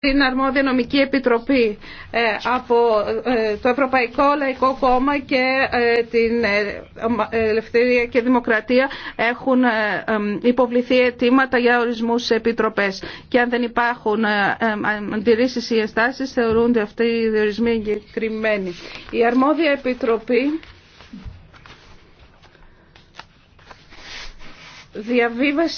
την αρμόδια νομική επιτροπή ε, από ε, το Ευρωπαϊκό Λαϊκό Κόμμα και ε, την Ελευθερία και Δημοκρατία έχουν υποβληθεί αιτήματα για ορισμούς σε επιτροπές και αν δεν υπάρχουν αντιρρήσεις ή εστάσεις θεωρούνται αυτοί οι διορισμοί εγκεκριμένοι. Η αρμόδια επιτροπή διαβίβασε